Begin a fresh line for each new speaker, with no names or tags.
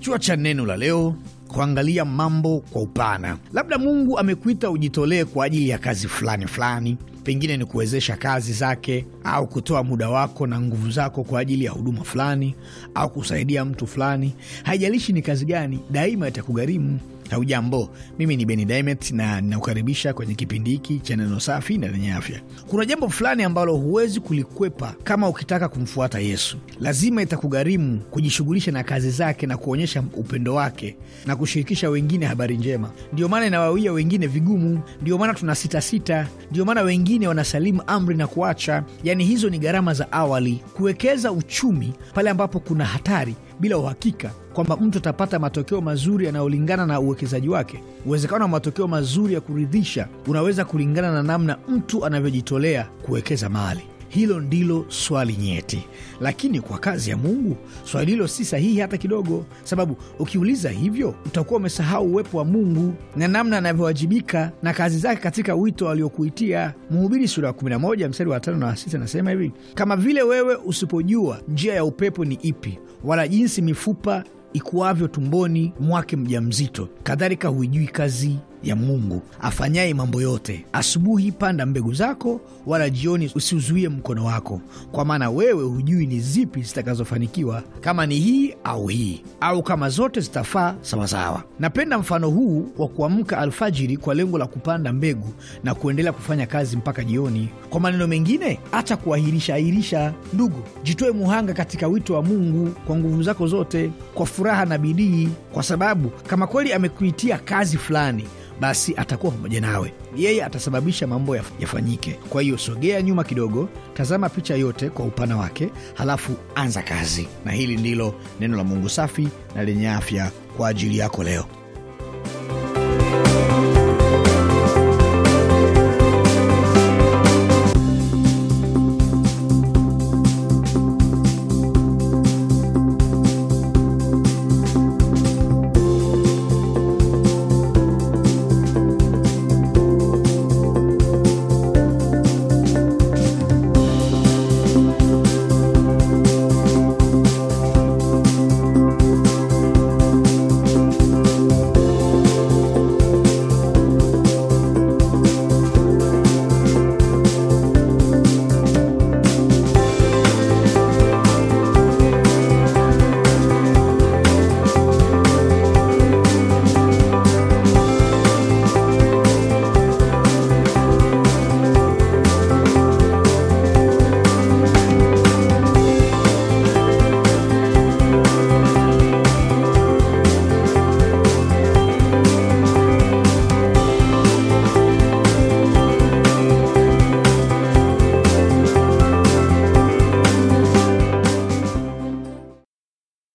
Kichwa cha neno la leo: kuangalia mambo kwa upana. Labda Mungu amekuita ujitolee kwa ajili ya kazi fulani fulani, pengine ni kuwezesha kazi zake au kutoa muda wako na nguvu zako kwa ajili ya huduma fulani au kusaidia mtu fulani. Haijalishi ni kazi gani, daima itakugharimu. Haujambo, mimi ni Beni Dimet na ninakukaribisha kwenye kipindi hiki cha neno safi na lenye afya. Kuna jambo fulani ambalo huwezi kulikwepa kama ukitaka kumfuata Yesu. Lazima itakugharimu kujishughulisha na kazi zake na kuonyesha upendo wake na kushirikisha wengine habari njema. Ndiyo maana inawawia wengine vigumu, ndiyo maana tuna sitasita, ndiyo maana wengine wanasalimu amri na kuacha. Yaani, hizo ni gharama za awali, kuwekeza uchumi pale ambapo kuna hatari bila uhakika kwamba mtu atapata matokeo mazuri yanayolingana na uwekezaji wake. Uwezekano wa matokeo mazuri ya kuridhisha unaweza kulingana na namna mtu anavyojitolea kuwekeza mali. Hilo ndilo swali nyeti, lakini kwa kazi ya Mungu swali hilo si sahihi hata kidogo, sababu ukiuliza hivyo utakuwa umesahau uwepo wa Mungu na namna anavyowajibika na kazi zake katika wito aliokuitia. Mhubiri sura ya 11 mstari wa 5 na 6 anasema hivi, kama vile wewe usipojua njia ya upepo ni ipi, wala jinsi mifupa ikuavyo tumboni mwake mjamzito, kadhalika huijui kazi ya Mungu afanyaye mambo yote. Asubuhi panda mbegu zako, wala jioni usiuzuie mkono wako, kwa maana wewe hujui ni zipi zitakazofanikiwa, kama ni hii au hii, au kama zote zitafaa sawasawa. Napenda mfano huu wa kuamka alfajiri kwa lengo la kupanda mbegu na kuendelea kufanya kazi mpaka jioni. Kwa maneno mengine, acha kuahirisha ahirisha. Ndugu, jitoe muhanga katika wito wa Mungu kwa nguvu zako zote, kwa furaha na bidii, kwa sababu kama kweli amekuitia kazi fulani basi atakuwa pamoja nawe, yeye atasababisha mambo yafanyike. Kwa hiyo sogea nyuma kidogo, tazama picha yote kwa upana wake, halafu anza kazi. Na hili ndilo neno la Mungu safi na lenye afya kwa ajili yako leo.